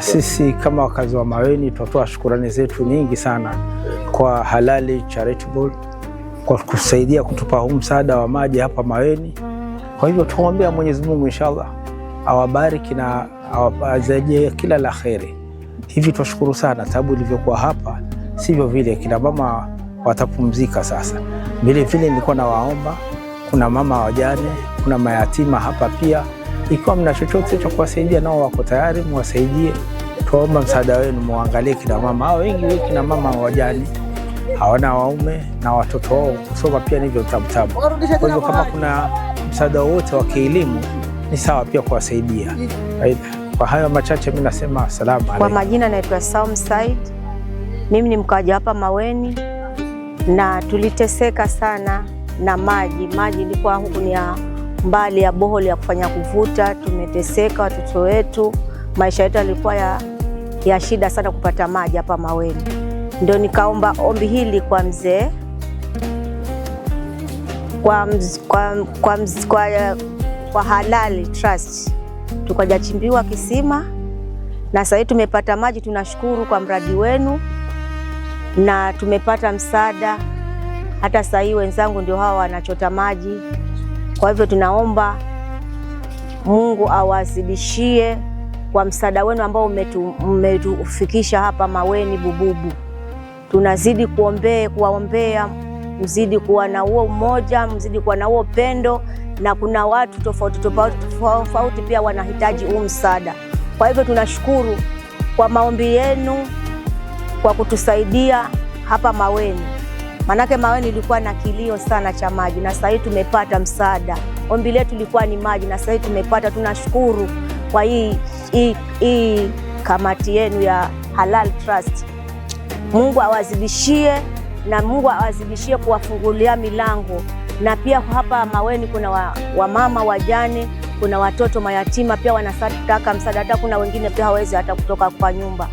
Sisi kama wakazi wa Maweni tunatoa shukurani zetu nyingi sana kwa Halali Charitable kwa kusaidia kutupa huu msaada wa maji hapa Maweni. Kwa hivyo tuombea Mwenyezi Mungu inshallah awabariki na awajalie kila la kheri. Hivi twashukuru sana, sababu ilivyokuwa hapa sivyo vile, kina mama watapumzika sasa. Vilevile nilikuwa nawaomba, kuna mama wajane, kuna mayatima hapa pia. Ikiwa mna chochote cha kuwasaidia, nao wako tayari, mwasaidie. Tuwaomba msaada wenu, mwangalie kina mama hao. Wengi kina mama wajani hawana waume na watoto wao kusoma pia nivyo tabutabu. Kwa hivyo kama kuna msaada wowote wa kielimu ni sawa pia kuwasaidia. Kwa hayo machache, mi nasema salamu. Kwa majina naitwa Saum Said, mimi ni mkawaja hapa Maweni na tuliteseka sana na maji. Maji ilikuwa huku ni ya mbali ya boholi ya kufanya kuvuta. Tumeteseka watoto wetu, maisha yetu yalikuwa ya, ya shida sana kupata maji hapa Maweni. Ndio nikaomba ombi hili kwa mzee kwa, mz, kwa, kwa, mz, kwa, kwa Halali Trust tukajachimbiwa kisima na sasa hivi tumepata maji. Tunashukuru kwa mradi wenu na tumepata msaada. Hata sasa hivi wenzangu ndio hawa wanachota maji. Kwa hivyo tunaomba Mungu awazidishie kwa msaada wenu ambao umetufikisha hapa Maweni Bububu. Tunazidi kuombea kuwaombea mzidi kuwa na huo umoja, mzidi kuwa na huo pendo, na kuna watu tofauti tofauti tofauti pia wanahitaji huu msaada. Kwa hivyo tunashukuru kwa maombi yenu kwa kutusaidia hapa Maweni. Manake Maweni nilikuwa na kilio sana cha maji, na sasa hivi tumepata msaada. Ombi letu lilikuwa ni maji, na sasa hivi tumepata. Tunashukuru kwa hii, hii, hii kamati yenu ya Halaal Trust. Mungu awazidishie na Mungu awazidishie kuwafungulia milango, na pia hapa Maweni kuna wamama wa wajane, kuna watoto mayatima pia wanataka msaada, hata kuna wengine pia hawezi hata kutoka kwa nyumba.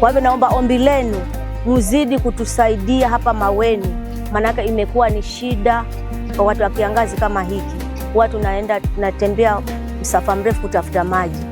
Kwa hivyo naomba ombi lenu mzidi kutusaidia hapa Maweni, maanake imekuwa ni shida kwa watu wa kiangazi kama hiki, watu naenda tunatembea msafa mrefu kutafuta maji.